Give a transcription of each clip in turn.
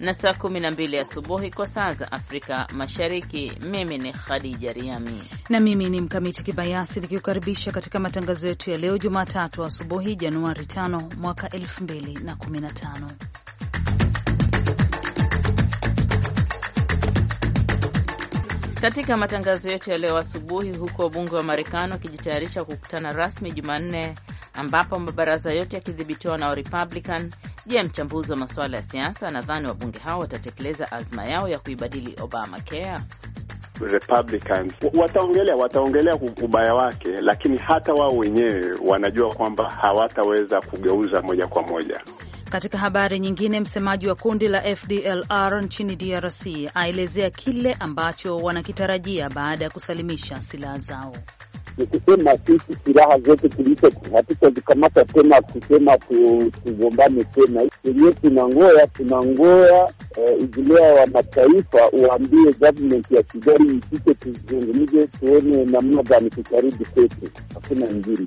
na saa 12 asubuhi kwa saa za Afrika Mashariki. Mimi ni Khadija Riami na mimi ni Mkamiti Kibayasi nikikukaribisha katika matangazo yetu ya leo Jumatatu asubuhi, Januari 5 mwaka 2015. Katika matangazo yetu ya leo asubuhi, huko wabunge wa Marekani wakijitayarisha kukutana rasmi Jumanne ambapo mabaraza yote yakidhibitiwa na Warepublican Je, mchambuzi wa masuala ya siasa anadhani wabunge hao watatekeleza azma yao ya kuibadili Obamacare? Republicans wataongelea wataongelea ubaya wake, lakini hata wao wenyewe wanajua kwamba hawataweza kugeuza moja kwa moja. Katika habari nyingine, msemaji wa kundi la FDLR nchini DRC aelezea kile ambacho wanakitarajia baada ya kusalimisha silaha zao ni kusema sisi silaha zote tulizo hatukazikamata tena kusema tugombane tena, ngoa tunangoya tunangoya izilea eh, wa mataifa uambie government ya Kigali isike, tuzungumze tuone namna gani kukarudi kwetu, hakuna njini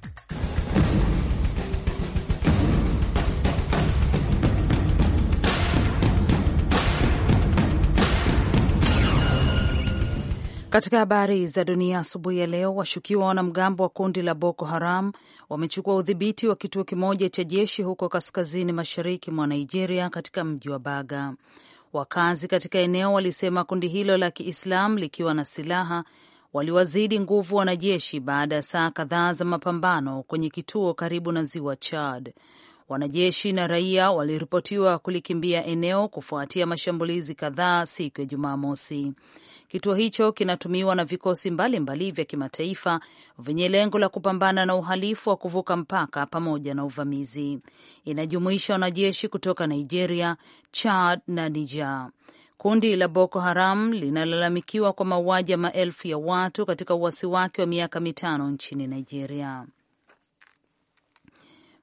Katika habari za dunia asubuhi ya leo, washukiwa wanamgambo wa kundi la Boko Haram wamechukua udhibiti wa kituo kimoja cha jeshi huko kaskazini mashariki mwa Nigeria, katika mji wa Baga. Wakazi katika eneo walisema kundi hilo la kiislam likiwa na silaha waliwazidi nguvu wanajeshi baada ya saa kadhaa za mapambano kwenye kituo karibu na ziwa Chad. Wanajeshi na raia waliripotiwa kulikimbia eneo kufuatia mashambulizi kadhaa siku ya Jumamosi. Kituo hicho kinatumiwa na vikosi mbalimbali vya kimataifa vyenye lengo la kupambana na uhalifu wa kuvuka mpaka pamoja na uvamizi. Inajumuisha wanajeshi kutoka Nigeria, Chad na Niger. Kundi la Boko Haram linalalamikiwa kwa mauaji ya maelfu ya watu katika uasi wake wa miaka mitano nchini Nigeria.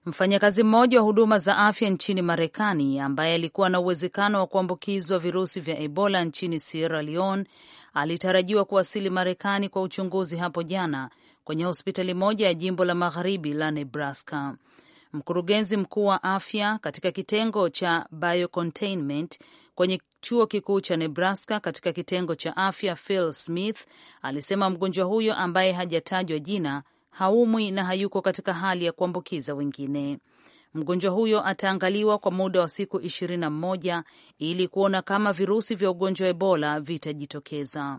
Mfanyakazi mmoja wa huduma za afya nchini Marekani ambaye alikuwa na uwezekano wa kuambukizwa virusi vya Ebola nchini Sierra Leone alitarajiwa kuwasili Marekani kwa uchunguzi hapo jana kwenye hospitali moja ya jimbo la magharibi la Nebraska. Mkurugenzi mkuu wa afya katika kitengo cha biocontainment kwenye chuo kikuu cha Nebraska katika kitengo cha afya, Phil Smith alisema mgonjwa huyo ambaye hajatajwa jina haumwi na hayuko katika hali ya kuambukiza wengine. Mgonjwa huyo ataangaliwa kwa muda wa siku 21 ili kuona kama virusi vya ugonjwa wa Ebola vitajitokeza.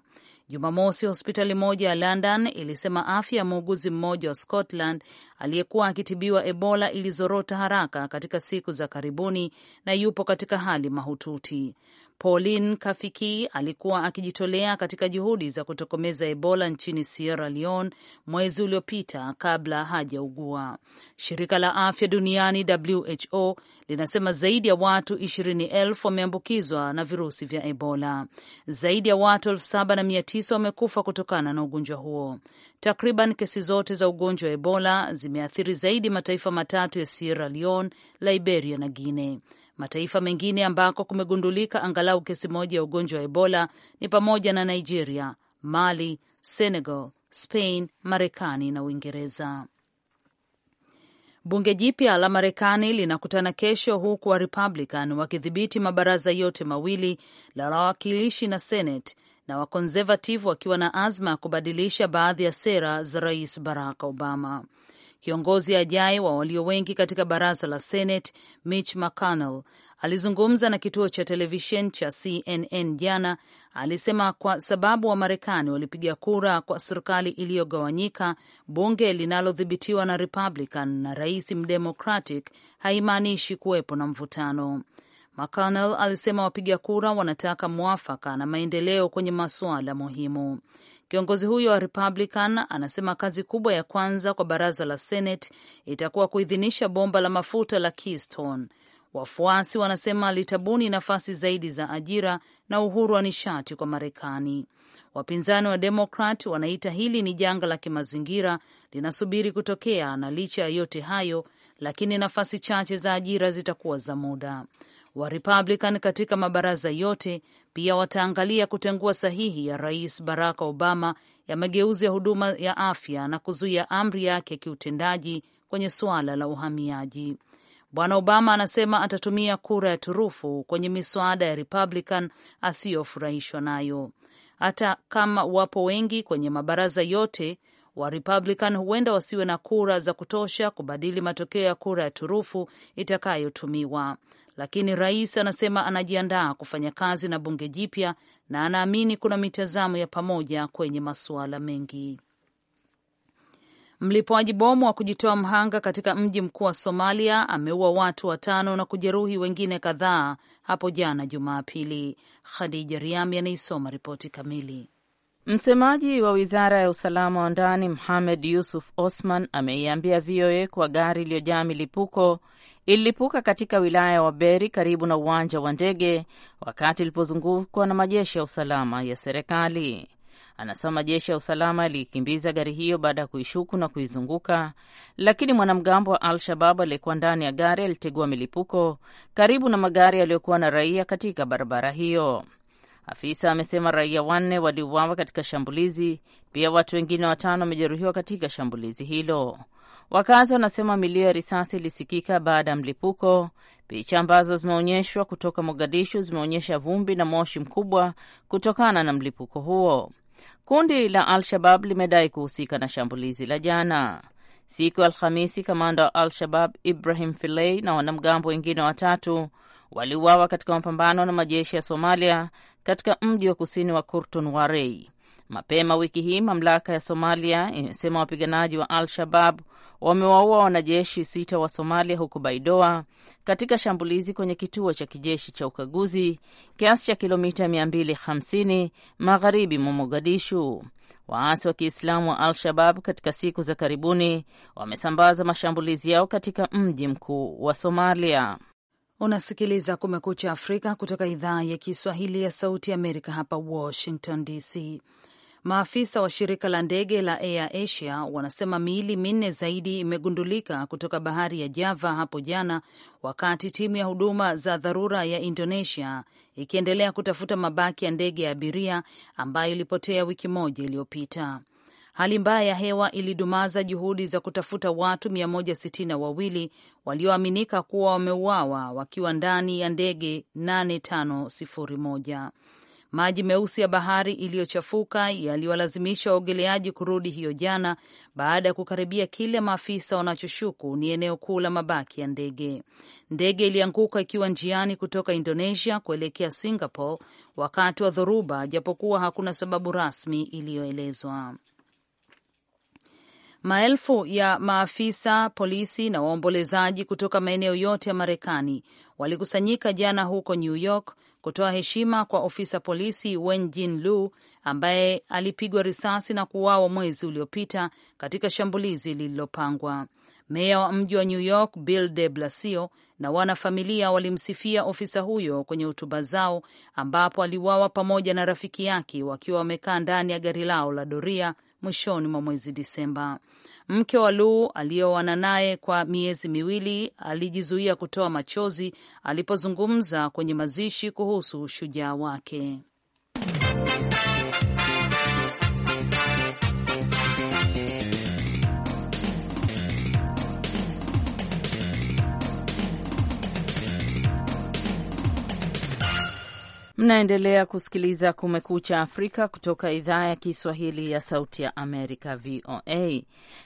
Jumamosi, hospitali moja ya London ilisema afya ya muuguzi mmoja wa Scotland aliyekuwa akitibiwa Ebola ilizorota haraka katika siku za karibuni na yupo katika hali mahututi. Pauline Kafiki alikuwa akijitolea katika juhudi za kutokomeza Ebola nchini Sierra Leone mwezi uliopita kabla hajaugua. Shirika la Afya Duniani WHO linasema zaidi ya watu ishirini wameambukizwa na virusi vya Ebola. Zaidi ya watu 79 wamekufa kutokana na ugonjwa huo. Takriban kesi zote za ugonjwa wa Ebola zimeathiri zaidi mataifa matatu ya Sierra Leone, Liberia na Guinea. Mataifa mengine ambako kumegundulika angalau kesi moja ya ugonjwa wa Ebola ni pamoja na Nigeria, Mali, Senegal, Spain, Marekani na Uingereza. Bunge jipya la Marekani linakutana kesho, huku Republican wakidhibiti mabaraza yote mawili la wawakilishi na Senate na wakonservative wakiwa na azma ya kubadilisha baadhi ya sera za Rais Barack Obama. Kiongozi ajaye wa walio wengi katika baraza la Senate Mitch McConnell alizungumza na kituo cha televishen cha CNN jana. Alisema kwa sababu Wamarekani walipiga kura kwa serikali iliyogawanyika, bunge linalodhibitiwa na Republican na rais mdemocratic, haimaanishi kuwepo na mvutano. McConnell alisema wapiga kura wanataka mwafaka na maendeleo kwenye masuala muhimu. Kiongozi huyo wa Republican anasema kazi kubwa ya kwanza kwa baraza la Senate itakuwa kuidhinisha bomba la mafuta la Keystone. Wafuasi wanasema litabuni nafasi zaidi za ajira na uhuru wa nishati kwa Marekani. Wapinzani wa Demokrat wanaita hili ni janga la kimazingira linasubiri kutokea, na licha ya yote hayo, lakini nafasi chache za ajira zitakuwa za muda wa Republican katika mabaraza yote pia wataangalia kutengua sahihi ya Rais Barack Obama ya mageuzi ya huduma ya afya na kuzuia amri yake kiutendaji kwenye suala la uhamiaji. Bwana Obama anasema atatumia kura ya turufu kwenye miswada ya Republican asiyofurahishwa nayo. Hata kama wapo wengi kwenye mabaraza yote wa Republican huenda wasiwe na kura za kutosha kubadili matokeo ya kura ya turufu itakayotumiwa, lakini rais anasema anajiandaa kufanya kazi na bunge jipya na anaamini kuna mitazamo ya pamoja kwenye masuala mengi. Mlipuaji bomu wa kujitoa mhanga katika mji mkuu wa Somalia ameua watu watano na kujeruhi wengine kadhaa hapo jana Jumapili. Khadija Riami anaisoma ripoti kamili. Msemaji wa wizara ya usalama wa ndani Mohamed Yusuf Osman ameiambia VOA kuwa gari iliyojaa milipuko ililipuka katika wilaya ya Waberi karibu na uwanja wa ndege wakati ilipozungukwa na majeshi ya usalama ya serikali. Anasema majeshi ya usalama yaliikimbiza gari hiyo baada ya kuishuku na kuizunguka, lakini mwanamgambo wa Al-Shabab aliyekuwa ndani ya gari alitegua milipuko karibu na magari yaliyokuwa na raia katika barabara hiyo. Afisa amesema raia wanne waliuawa katika shambulizi, pia watu wengine watano wamejeruhiwa katika shambulizi hilo. Wakazi wanasema milio ya risasi ilisikika baada ya mlipuko. Picha ambazo zimeonyeshwa kutoka Mogadishu zimeonyesha vumbi na moshi mkubwa kutokana na mlipuko huo. Kundi la Al-Shabab limedai kuhusika na shambulizi la jana. Siku ya Alhamisi, kamanda wa Al-Shabab Ibrahim Filei na wanamgambo wengine watatu waliuawa katika mapambano na majeshi ya Somalia katika mji wa kusini wa Kurtun Warei. Mapema wiki hii mamlaka ya Somalia imesema wapiganaji wa Al Shabab wamewaua wanajeshi sita wa Somalia huko Baidoa katika shambulizi kwenye kituo cha kijeshi cha ukaguzi kiasi cha kilomita 250 magharibi mwa Mogadishu. Waasi wa Kiislamu wa Al Shabab katika siku za karibuni wamesambaza mashambulizi yao katika mji mkuu wa Somalia. Unasikiliza Kumekucha Afrika kutoka idhaa ya Kiswahili ya Sauti ya Amerika, hapa Washington DC. Maafisa wa shirika la ndege la Air Asia wanasema miili minne zaidi imegundulika kutoka bahari ya Java hapo jana, wakati timu ya huduma za dharura ya Indonesia ikiendelea kutafuta mabaki ya ndege ya abiria ambayo ilipotea wiki moja iliyopita. Hali mbaya ya hewa ilidumaza juhudi za kutafuta watu wawili walioaminika kuwa wameuawa wakiwa ndani ya ndege 8501. Maji meusi ya bahari iliyochafuka yaliwalazimisha waogeleaji kurudi hiyo jana baada ya kukaribia kile maafisa wanachoshuku ni eneo kuu la mabaki ya ndege. Ndege ilianguka ikiwa njiani kutoka Indonesia kuelekea Singapore wakati wa dhoruba, japokuwa hakuna sababu rasmi iliyoelezwa. Maelfu ya maafisa polisi na waombolezaji kutoka maeneo yote ya Marekani walikusanyika jana huko New York kutoa heshima kwa ofisa polisi Wen Jin Lu ambaye alipigwa risasi na kuuawa mwezi uliopita katika shambulizi lililopangwa. Meya wa mji wa New York Bill de Blasio na wanafamilia walimsifia ofisa huyo kwenye hotuba zao, ambapo aliuawa pamoja na rafiki yake wakiwa wamekaa ndani ya gari lao la doria mwishoni mwa mwezi Disemba. Mke wa Lu aliyeoana naye kwa miezi miwili alijizuia kutoa machozi alipozungumza kwenye mazishi kuhusu shujaa wake. Mnaendelea kusikiliza Kumekucha Afrika kutoka idhaa ya Kiswahili ya Sauti ya Amerika, VOA.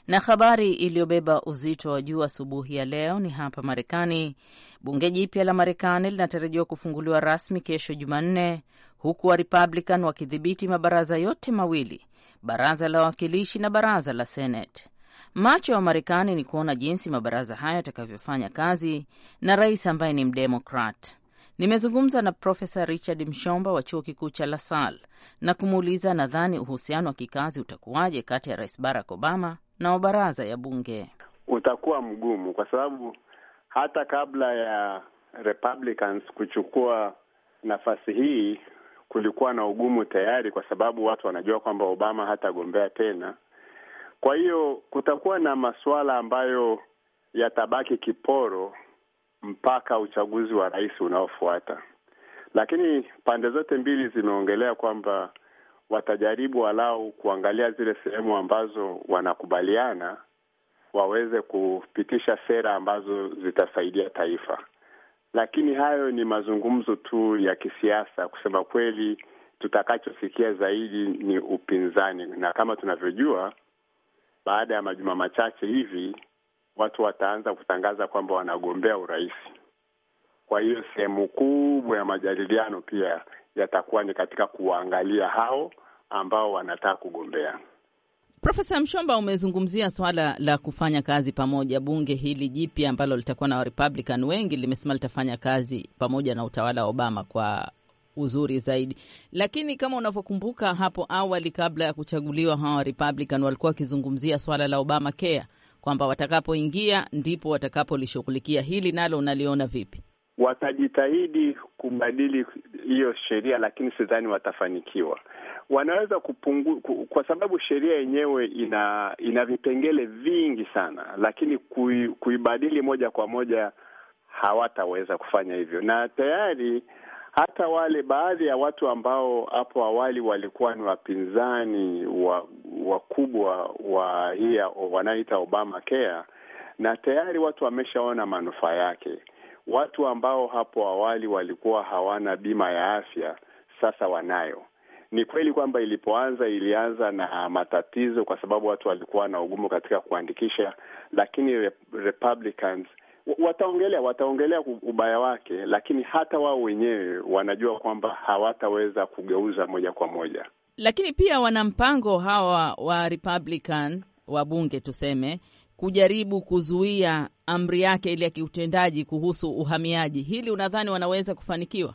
Na habari iliyobeba uzito wa juu asubuhi ya leo ni hapa Marekani. Bunge jipya la Marekani linatarajiwa kufunguliwa rasmi kesho Jumanne, huku wa Republican wakidhibiti mabaraza yote mawili, baraza la wawakilishi na baraza la Senate. Macho ya Marekani ni kuona jinsi mabaraza hayo yatakavyofanya kazi na rais ambaye ni Mdemokrat. Nimezungumza na Profesa Richard Mshomba wa chuo kikuu cha LaSal na kumuuliza nadhani uhusiano wa kikazi utakuwaje kati ya Rais Barack Obama na baraza ya bunge. Utakuwa mgumu kwa sababu hata kabla ya Republicans kuchukua nafasi hii kulikuwa na ugumu tayari, kwa sababu watu wanajua kwamba Obama hatagombea tena. Kwa hiyo kutakuwa na masuala ambayo yatabaki kiporo mpaka uchaguzi wa rais unaofuata. Lakini pande zote mbili zimeongelea kwamba watajaribu walau kuangalia zile sehemu ambazo wanakubaliana waweze kupitisha sera ambazo zitasaidia taifa. Lakini hayo ni mazungumzo tu ya kisiasa. Kusema kweli, tutakachosikia zaidi ni upinzani, na kama tunavyojua, baada ya majuma machache hivi watu wataanza kutangaza kwamba wanagombea urais. Kwa hiyo sehemu kubwa ya majadiliano pia yatakuwa ni katika kuwaangalia hao ambao wanataka kugombea. Profesa Mshomba, umezungumzia swala la kufanya kazi pamoja. Bunge hili jipya ambalo litakuwa na Republican wengi limesema litafanya kazi pamoja na utawala wa Obama kwa uzuri zaidi, lakini kama unavyokumbuka, hapo awali kabla ya kuchaguliwa hawa Republican walikuwa wakizungumzia swala la Obama Care kwamba watakapoingia ndipo watakapolishughulikia hili, nalo unaliona vipi? Watajitahidi kubadili hiyo sheria, lakini sidhani watafanikiwa. Wanaweza kupungu, kwa sababu sheria yenyewe ina ina vipengele vingi sana, lakini kui, kuibadili moja kwa moja hawataweza kufanya hivyo, na tayari hata wale baadhi ya watu ambao hapo awali walikuwa ni wapinzani wakubwa wa, wa hii wanaita Obama Care, na tayari watu wameshaona manufaa yake. Watu ambao hapo awali walikuwa hawana bima ya afya sasa wanayo. Ni kweli kwamba ilipoanza ilianza na matatizo, kwa sababu watu walikuwa na ugumu katika kuandikisha, lakini Republicans wataongelea wataongelea ubaya wake, lakini hata wao wenyewe wanajua kwamba hawataweza kugeuza moja kwa moja. Lakini pia wana mpango hawa wa Republican bunge tuseme, kujaribu kuzuia amri yake ile ya kiutendaji kuhusu uhamiaji. Hili unadhani wanaweza kufanikiwa?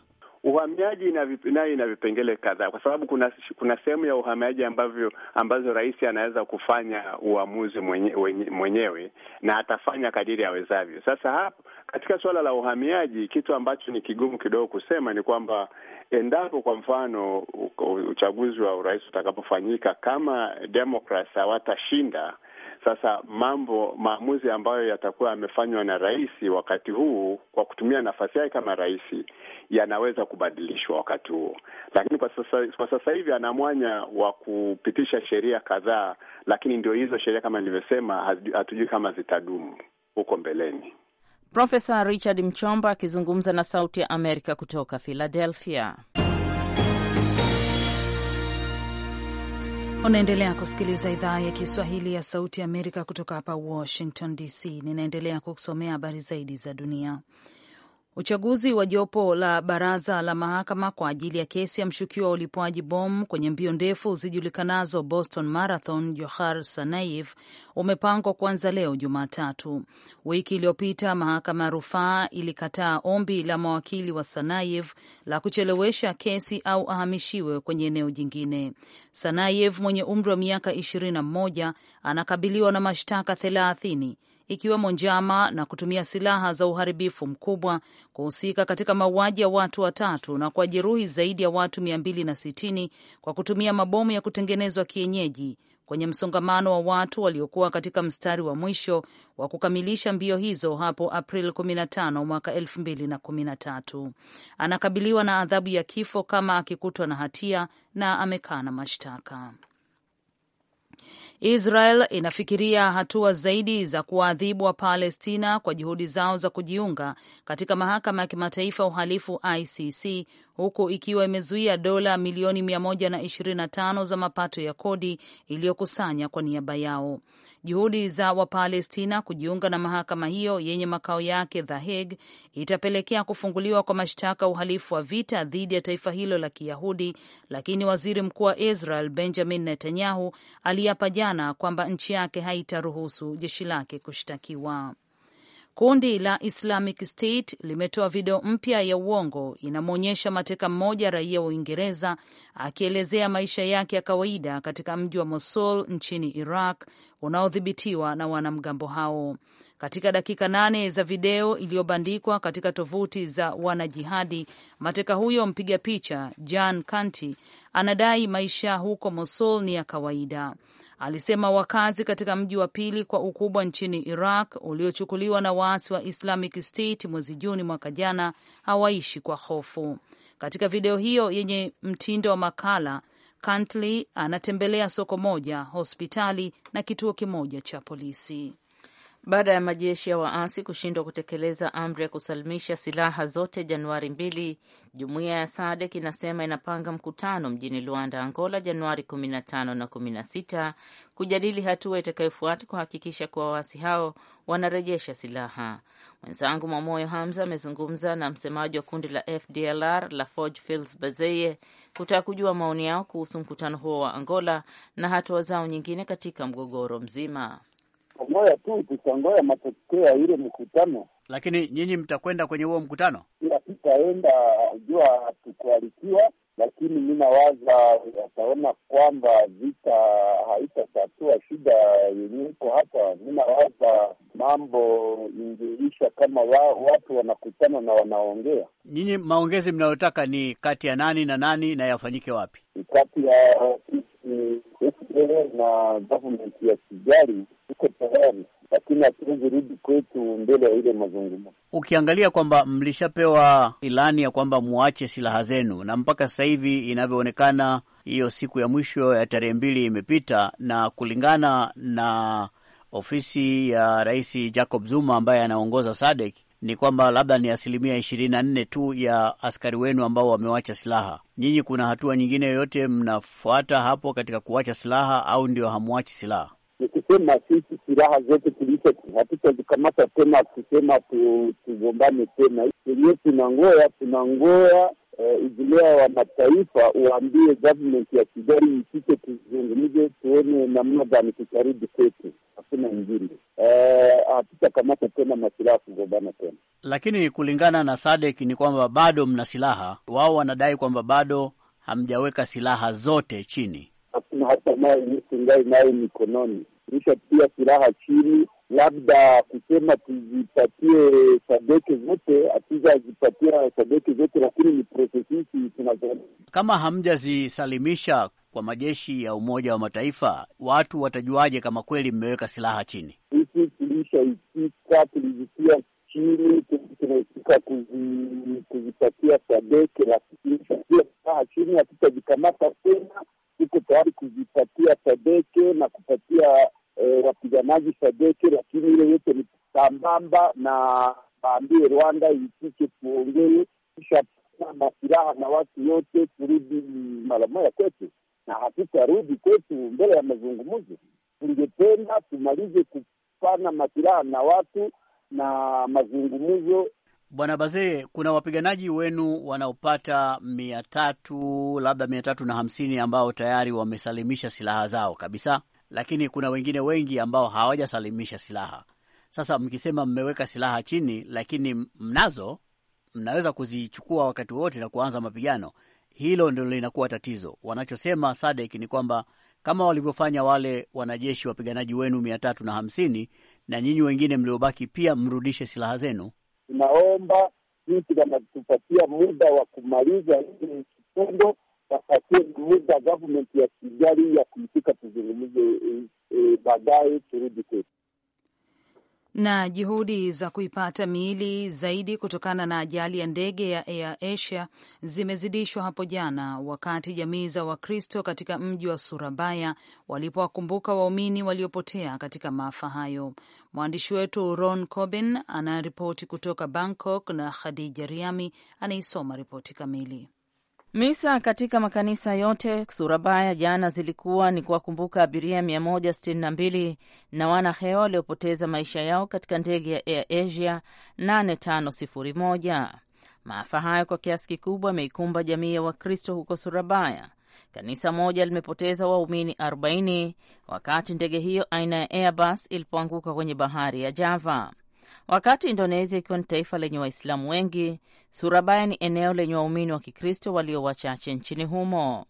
Uhamiaji nayo ina vipengele kadhaa, kwa sababu kuna kuna sehemu ya uhamiaji ambavyo ambazo rais anaweza kufanya uamuzi mwenye, mwenyewe na atafanya kadiri awezavyo. Sasa hapo katika suala la uhamiaji, kitu ambacho ni kigumu kidogo kusema ni kwamba endapo kwa mfano uchaguzi wa urais utakapofanyika, kama Democrats hawatashinda sasa mambo maamuzi ambayo yatakuwa yamefanywa na rais wakati huu kwa kutumia nafasi yake kama rais yanaweza kubadilishwa wakati huo, lakini kwa sasa, kwa sasa hivi ana mwanya wa kupitisha sheria kadhaa, lakini ndio hizo sheria kama nilivyosema, hatujui kama zitadumu huko mbeleni. Profesa Richard Mchomba akizungumza na Sauti ya Amerika kutoka Philadelphia. Unaendelea kusikiliza idhaa ya Kiswahili ya Sauti ya Amerika kutoka hapa Washington DC. Ninaendelea kukusomea habari zaidi za dunia. Uchaguzi wa jopo la baraza la mahakama kwa ajili ya kesi ya mshukiwa wa ulipuaji bomu kwenye mbio ndefu zijulikanazo Boston Marathon, Johar Sanayev, umepangwa kuanza leo Jumatatu. Wiki iliyopita mahakama ya rufaa ilikataa ombi la mawakili wa Sanaiv la kuchelewesha kesi au ahamishiwe kwenye eneo jingine. Sanayev mwenye umri wa miaka 21 anakabiliwa na mashtaka 30 ikiwemo njama na kutumia silaha za uharibifu mkubwa, kuhusika katika mauaji ya watu watatu na kwa jeruhi zaidi ya watu 260 kwa kutumia mabomu ya kutengenezwa kienyeji kwenye msongamano wa watu waliokuwa katika mstari wa mwisho wa kukamilisha mbio hizo hapo April 15 mwaka 2013. Anakabiliwa na adhabu ya kifo kama akikutwa na hatia na amekana mashtaka. Israel inafikiria hatua zaidi za kuwaadhibu wa Palestina kwa juhudi zao za kujiunga katika mahakama ya kimataifa uhalifu ICC, huku ikiwa imezuia dola milioni 125 za mapato ya kodi iliyokusanya kwa niaba yao. Juhudi za Wapalestina kujiunga na mahakama hiyo yenye makao yake The Hague itapelekea kufunguliwa kwa mashtaka uhalifu wa vita dhidi ya taifa hilo la Kiyahudi, lakini waziri mkuu wa Israel Benjamin Netanyahu aliapa jana kwamba nchi yake haitaruhusu jeshi lake kushtakiwa. Kundi la Islamic State limetoa video mpya ya uongo inamwonyesha mateka mmoja raia wa Uingereza akielezea maisha yake ya kawaida katika mji wa Mosul nchini Iraq unaodhibitiwa na wanamgambo hao. Katika dakika nane za video iliyobandikwa katika tovuti za wanajihadi, mateka huyo mpiga picha Jan Kanti anadai maisha huko Mosul ni ya kawaida alisema wakazi katika mji wa pili kwa ukubwa nchini Iraq uliochukuliwa na waasi wa Islamic State mwezi Juni mwaka jana hawaishi kwa hofu. Katika video hiyo yenye mtindo wa makala, Kantly anatembelea soko moja, hospitali na kituo kimoja cha polisi baada ya majeshi ya waasi kushindwa kutekeleza amri ya kusalimisha silaha zote Januari mbili, jumuiya ya sadek inasema inapanga mkutano mjini Luanda, Angola, Januari 15 na 16 kujadili hatua itakayofuata kuhakikisha kuwa waasi hao wanarejesha silaha. Mwenzangu Mwamoyo Hamza amezungumza na msemaji wa kundi la FDLR la Forge Fils Bazeye kutaka kujua maoni yao kuhusu mkutano huo wa Angola na hatua zao nyingine katika mgogoro mzima kusangoya tu tutangoya matokeo ya ile mkutano. Lakini nyinyi mtakwenda kwenye huo mkutano? Ila tutaenda jua, hatukualikiwa, lakini mi nawaza wataona kwamba vita haitatatua shida yenye iko hapa. Mi nawaza mambo ingeisha kama wa, watu wanakutana na wanaongea. Nyinyi maongezi mnayotaka ni kati ya nani na nani na yafanyike wapi? Kati ya na government ya Kigali iko tayari, lakini hatuwezi rudi kwetu mbele ya ile mazungumzo. Ukiangalia kwamba mlishapewa ilani ya kwamba muache silaha zenu, na mpaka sasa hivi inavyoonekana, hiyo siku ya mwisho ya tarehe mbili imepita, na kulingana na ofisi ya Rais Jacob Zuma ambaye anaongoza SADC ni kwamba labda ni asilimia ishirini na nne tu ya askari wenu ambao wamewacha silaha. Nyinyi, kuna hatua nyingine yoyote mnafuata hapo katika kuwacha silaha au ndio hamwachi silaha? nikusema sisi silaha zote tulizo hatutazikamata tena, kusema tugombane tena, wenyewe tunangoa tunangoa Eh, Ujilea wa Mataifa uambie government ya Kigali isike, tuzungumze tuone namna gani kukarudi kwetu, hakuna ingine eh, hatutakamata tena masilaha kugombana tena. Lakini kulingana na Sadek ni kwamba bado mna silaha, wao wanadai kwamba bado hamjaweka silaha zote chini, hakuna hata mayo nusu ngai nayo mikononi, isha pia silaha chini labda kusema tuzipatie sadeke zote, hatuzazipatia sadeke zote, lakini ni prosesisi tunazo. Kama hamjazisalimisha kwa majeshi ya Umoja wa Mataifa, watu watajuaje kama kweli mmeweka silaha chini? Sisi tulishaisika, tulizitia chini, tunaisika kuzipatia sadeke, lakini tulishatia silaha chini, hatutajikamata tena. Tuko tayari kuzipatia sadeke na kupatia Eh, wapiganaji Sadeke, lakini ile yote ni sambamba na baambie Rwanda itike tuongee kisha masilaha na watu yote kurudi mara moja kwetu, na hatutarudi kwetu mbele ya mazungumzo. Tungependa tumalize kupana masilaha na watu na mazungumzo. Bwana Bazee, kuna wapiganaji wenu wanaopata mia tatu labda mia tatu na hamsini ambao tayari wamesalimisha silaha zao kabisa lakini kuna wengine wengi ambao hawajasalimisha silaha. Sasa mkisema mmeweka silaha chini, lakini mnazo, mnaweza kuzichukua wakati wote na kuanza mapigano. Hilo ndio linakuwa tatizo. Wanachosema Sadek ni kwamba kama walivyofanya wale wanajeshi wapiganaji wenu mia tatu na hamsini na nyinyi wengine mliobaki pia mrudishe silaha zenu. Tunaomba sisi kama tupatia muda wa kumaliza hili kitendo wapatie muda government ya Kigali ya kumfika, tuzungumze e, e, baadaye turudi kwetu. Na juhudi za kuipata miili zaidi kutokana na ajali ya ndege ya Air Asia zimezidishwa hapo jana, wakati jamii za Wakristo katika mji wa Surabaya walipowakumbuka waumini waliopotea katika maafa hayo. Mwandishi wetu Ron Coben anaripoti kutoka Bangkok na Khadija Riami anaisoma ripoti kamili. Misa katika makanisa yote Surabaya jana zilikuwa ni kuwakumbuka abiria 162 na wanahewa waliopoteza maisha yao katika ndege ya Air Asia 8501. Maafa hayo kwa kiasi kikubwa yameikumba jamii ya Wakristo huko Surabaya. Kanisa moja limepoteza waumini 40 wakati ndege hiyo aina ya Airbus ilipoanguka kwenye bahari ya Java. Wakati Indonesia ikiwa ni taifa lenye Waislamu wengi, Surabaya ni eneo lenye waumini wa Kikristo walio wachache nchini humo.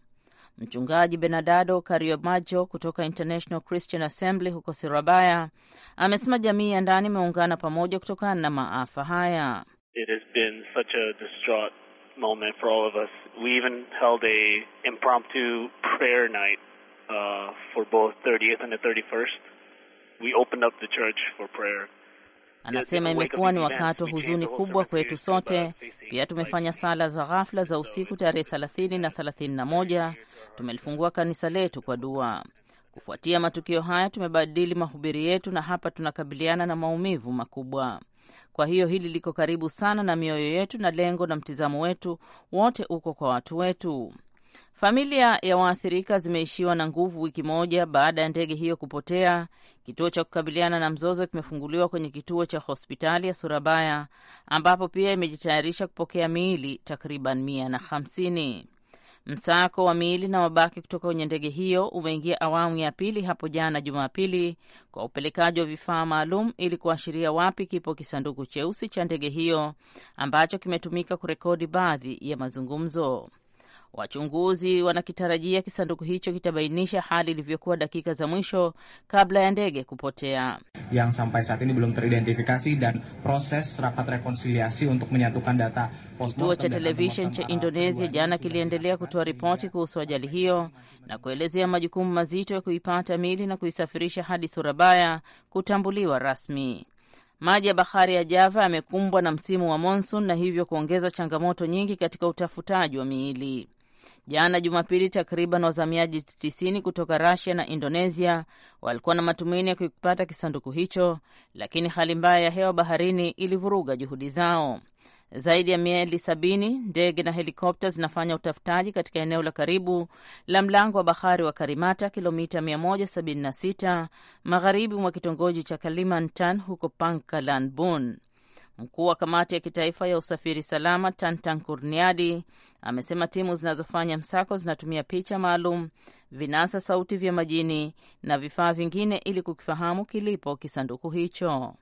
Mchungaji Benadado Kariomajo kutoka International Christian Assembly huko Surabaya amesema jamii ya ndani imeungana pamoja kutokana na maafa haya. It has been such a distraught moment for all of us. We even held a impromptu prayer night uh, for both 30th and the 31st. We opened up the church for prayer. Anasema imekuwa ni wakati wa huzuni kubwa kwetu sote. Pia tumefanya sala za ghafla za usiku tarehe 30 na 31. Tumelifungua kanisa letu kwa dua. Kufuatia matukio haya, tumebadili mahubiri yetu, na hapa tunakabiliana na maumivu makubwa. Kwa hiyo hili liko karibu sana na mioyo yetu, na lengo na mtizamo wetu wote uko kwa watu wetu. Familia ya waathirika zimeishiwa na nguvu wiki moja baada ya ndege hiyo kupotea. Kituo cha kukabiliana na mzozo kimefunguliwa kwenye kituo cha hospitali ya Surabaya ambapo pia imejitayarisha kupokea miili takriban mia na hamsini. Msako wa miili na mabaki kutoka kwenye ndege hiyo umeingia awamu ya pili hapo jana Jumapili kwa upelekaji wa vifaa maalum ili kuashiria wapi kipo kisanduku cheusi cha ndege hiyo ambacho kimetumika kurekodi baadhi ya mazungumzo. Wachunguzi wanakitarajia kisanduku hicho kitabainisha hali ilivyokuwa dakika za mwisho kabla ya ndege kupotea. yang sampai saat ini belum teridentifikasi dan proses rapat rekonsiliasi untuk menyatukan data. Kituo cha televishen cha Indonesia jana kiliendelea kutoa ripoti kuhusu ajali hiyo na kuelezea majukumu mazito ya kuipata mili na kuisafirisha hadi Surabaya kutambuliwa rasmi. Maji ya bahari ya Java yamekumbwa na msimu wa monsun na hivyo kuongeza changamoto nyingi katika utafutaji wa miili. Jana Jumapili, takriban wazamiaji 90 kutoka Rusia na Indonesia walikuwa na matumaini ya kukipata kisanduku hicho, lakini hali mbaya ya hewa baharini ilivuruga juhudi zao. Zaidi ya mieli sabini ndege na helikopta zinafanya utafutaji katika eneo la karibu la mlango wa bahari wa Karimata, kilomita 176 magharibi mwa kitongoji cha Kalimantan huko Pangkalanbun. Mkuu wa kamati ya kitaifa ya usafiri salama Tantan Kurniadi amesema timu zinazofanya msako zinatumia picha maalum, vinasa sauti vya majini na vifaa vingine ili kukifahamu kilipo kisanduku hicho.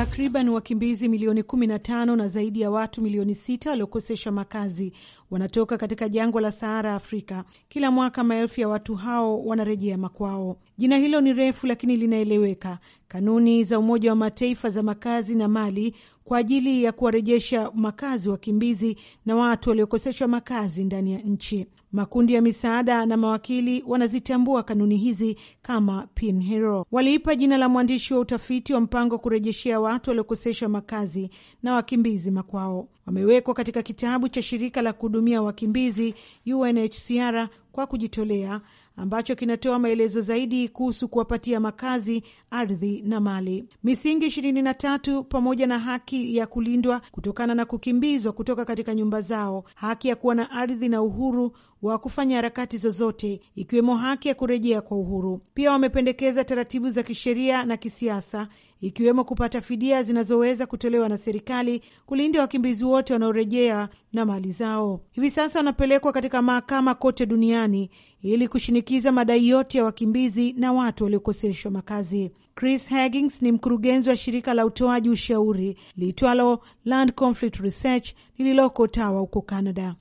Takriban wakimbizi milioni 15 na zaidi ya watu milioni 6 waliokoseshwa makazi wanatoka katika jangwa la Sahara Afrika. Kila mwaka maelfu ya watu hao wanarejea makwao. Jina hilo ni refu lakini linaeleweka. Kanuni za Umoja wa Mataifa za makazi na mali kwa ajili ya kuwarejesha makazi wakimbizi na watu waliokoseshwa makazi ndani ya nchi. Makundi ya misaada na mawakili wanazitambua kanuni hizi kama PNHERO. Waliipa jina la mwandishi wa utafiti wa mpango wa kurejeshea watu waliokoseshwa makazi na wakimbizi makwao. Wamewekwa katika kitabu cha shirika la kuhudumia wakimbizi UNHCR kwa kujitolea ambacho kinatoa maelezo zaidi kuhusu kuwapatia makazi, ardhi na mali, misingi ishirini na tatu pamoja na haki ya kulindwa kutokana na kukimbizwa kutoka katika nyumba zao, haki ya kuwa na ardhi na uhuru wa kufanya harakati zozote ikiwemo haki ya kurejea kwa uhuru. Pia wamependekeza taratibu za kisheria na kisiasa ikiwemo kupata fidia zinazoweza kutolewa na serikali kulinda wakimbizi wote wanaorejea na mali zao. Hivi sasa wanapelekwa katika mahakama kote duniani ili kushinikiza madai yote ya wakimbizi na watu waliokoseshwa makazi. Chris haggins ni mkurugenzi wa shirika la utoaji ushauri liitwalo Land Conflict Research lililoko Tawa huko Canada.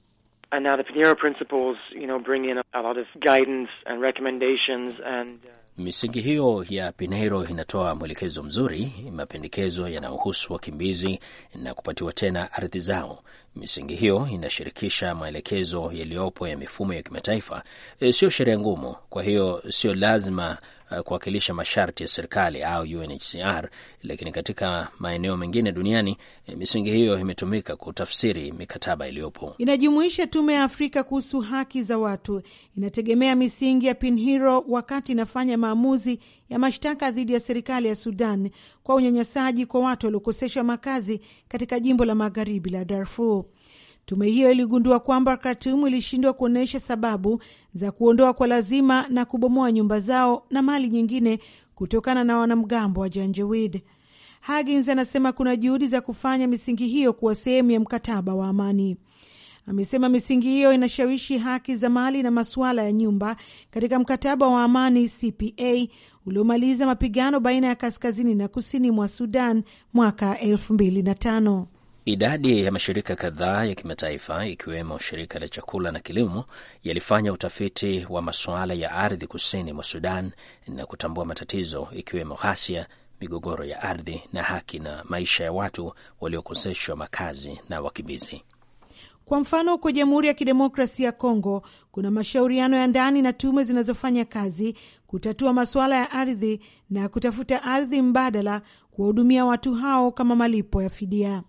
And now the Pinero principles, you know, bring in a lot of guidance and recommendations and uh, Misingi hiyo ya Pinheiro inatoa mwelekezo mzuri, mapendekezo yanayohusu wakimbizi na kupatiwa tena ardhi zao. Misingi hiyo inashirikisha maelekezo yaliyopo ya mifumo ya kimataifa. E, sio sheria ngumu, kwa hiyo sio lazima Eh, kuwakilisha masharti ya serikali au UNHCR, lakini katika maeneo mengine duniani eh, misingi hiyo imetumika kutafsiri mikataba iliyopo. Inajumuisha Tume ya Afrika kuhusu Haki za Watu, inategemea misingi ya Pinheiro wakati inafanya maamuzi ya mashtaka dhidi ya serikali ya Sudan kwa unyanyasaji kwa watu waliokoseshwa makazi katika jimbo la magharibi la Darfur. Tume hiyo iligundua kwamba Khartoum ilishindwa kuonyesha sababu za kuondoa kwa lazima na kubomoa nyumba zao na mali nyingine kutokana na wanamgambo wa Janjaweed. Hagins anasema kuna juhudi za kufanya misingi hiyo kuwa sehemu ya mkataba wa amani. Amesema misingi hiyo inashawishi haki za mali na masuala ya nyumba katika mkataba wa amani CPA uliomaliza mapigano baina ya kaskazini na kusini mwa Sudan mwaka elfu mbili na tano. Idadi ya mashirika kadhaa ya kimataifa ikiwemo shirika la chakula na kilimo yalifanya utafiti wa masuala ya ardhi kusini mwa Sudan na kutambua matatizo ikiwemo ghasia, migogoro ya ardhi na haki na maisha ya watu waliokoseshwa makazi na wakimbizi. Kwa mfano, kwa Jamhuri ya Kidemokrasia ya Kongo kuna mashauriano ya ndani na tume zinazofanya kazi kutatua masuala ya ardhi na kutafuta ardhi mbadala kuwahudumia watu hao kama malipo ya fidia.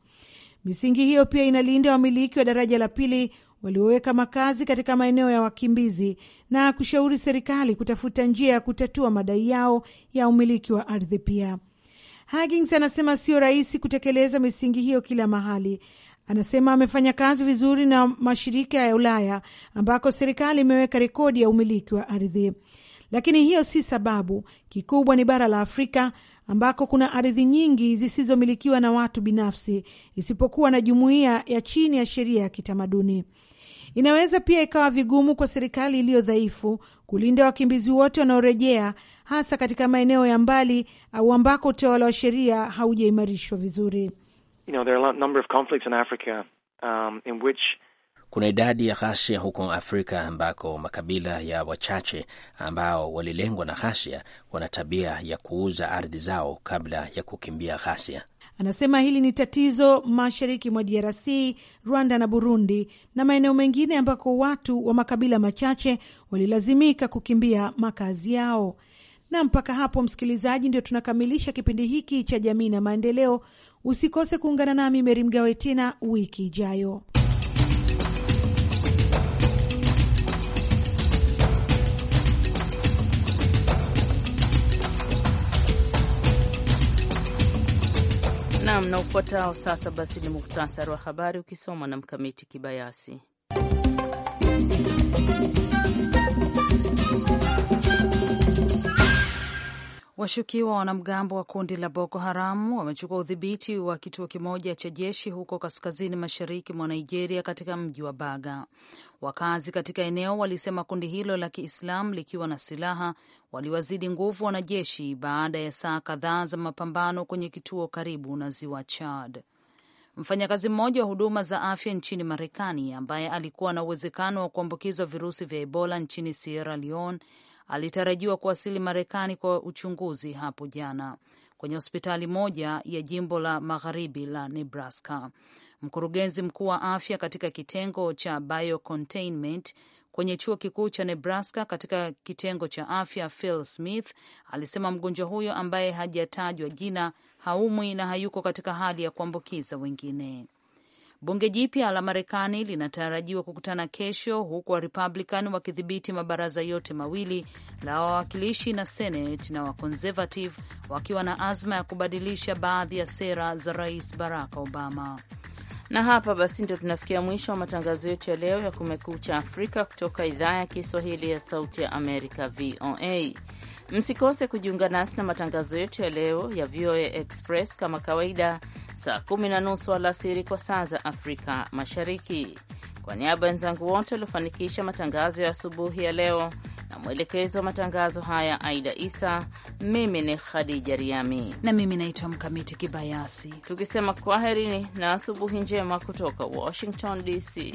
Misingi hiyo pia inalinda wamiliki wa daraja la pili walioweka makazi katika maeneo ya wakimbizi na kushauri serikali kutafuta njia ya kutatua madai yao ya umiliki wa ardhi. Pia Huggins anasema sio rahisi kutekeleza misingi hiyo kila mahali. Anasema amefanya kazi vizuri na mashirika ya Ulaya ambako serikali imeweka rekodi ya umiliki wa ardhi, lakini hiyo si sababu. Kikubwa ni bara la Afrika ambako kuna ardhi nyingi zisizomilikiwa na watu binafsi isipokuwa na jumuiya ya chini ya sheria ya kitamaduni. Inaweza pia ikawa vigumu kwa serikali iliyo dhaifu kulinda wakimbizi wote wanaorejea, hasa katika maeneo ya mbali au ambako utawala wa sheria haujaimarishwa vizuri. you know, there are a number of conflicts in Africa, um, in which kuna idadi ya ghasia huko Afrika ambako makabila ya wachache ambao walilengwa na ghasia wana tabia ya kuuza ardhi zao kabla ya kukimbia ghasia. Anasema hili ni tatizo mashariki mwa DRC, Rwanda na Burundi na maeneo mengine ambako watu wa makabila machache walilazimika kukimbia makazi yao. Na mpaka hapo, msikilizaji, ndio tunakamilisha kipindi hiki cha Jamii na Maendeleo. Usikose kuungana nami Meri Mgawe tena wiki ijayo. Nam na ufuatao sasa basi ni muhtasari wa habari ukisomwa na Mkamiti Kibayasi. Washukiwa wanamgambo wa kundi la Boko Haram wamechukua udhibiti wa kituo kimoja cha jeshi huko kaskazini mashariki mwa Nigeria, katika mji wa Baga. Wakazi katika eneo walisema kundi hilo la Kiislamu likiwa na silaha waliwazidi nguvu wanajeshi baada ya saa kadhaa za mapambano kwenye kituo karibu na ziwa Chad. Mfanyakazi mmoja wa huduma za afya nchini Marekani ambaye alikuwa na uwezekano wa kuambukizwa virusi vya Ebola nchini Sierra Leone alitarajiwa kuwasili Marekani kwa uchunguzi hapo jana kwenye hospitali moja ya jimbo la magharibi la Nebraska. Mkurugenzi mkuu wa afya katika kitengo cha biocontainment kwenye chuo kikuu cha Nebraska katika kitengo cha afya Phil Smith alisema mgonjwa huyo ambaye hajatajwa jina haumwi na hayuko katika hali ya kuambukiza wengine. Bunge jipya la Marekani linatarajiwa kukutana kesho, huku Warepublican wakidhibiti mabaraza yote mawili, la wawakilishi na Senate, na Waconservative wakiwa na azma ya kubadilisha baadhi ya sera za Rais Barack Obama. Na hapa basi ndio tunafikia mwisho wa matangazo yetu ya leo ya Kumekucha Afrika kutoka idhaa ya Kiswahili ya Sauti ya Amerika, VOA. Msikose kujiunga nasi na matangazo yetu ya leo ya VOA Express kama kawaida, saa kumi na nusu alasiri kwa saa za Afrika Mashariki. Kwa niaba ya wenzangu wote waliofanikisha matangazo ya asubuhi ya leo na mwelekezi wa matangazo haya Aida Isa, mimi ni Khadija Riami na mimi naitwa Mkamiti Kibayasi, tukisema kwaherini na asubuhi njema kutoka Washington DC.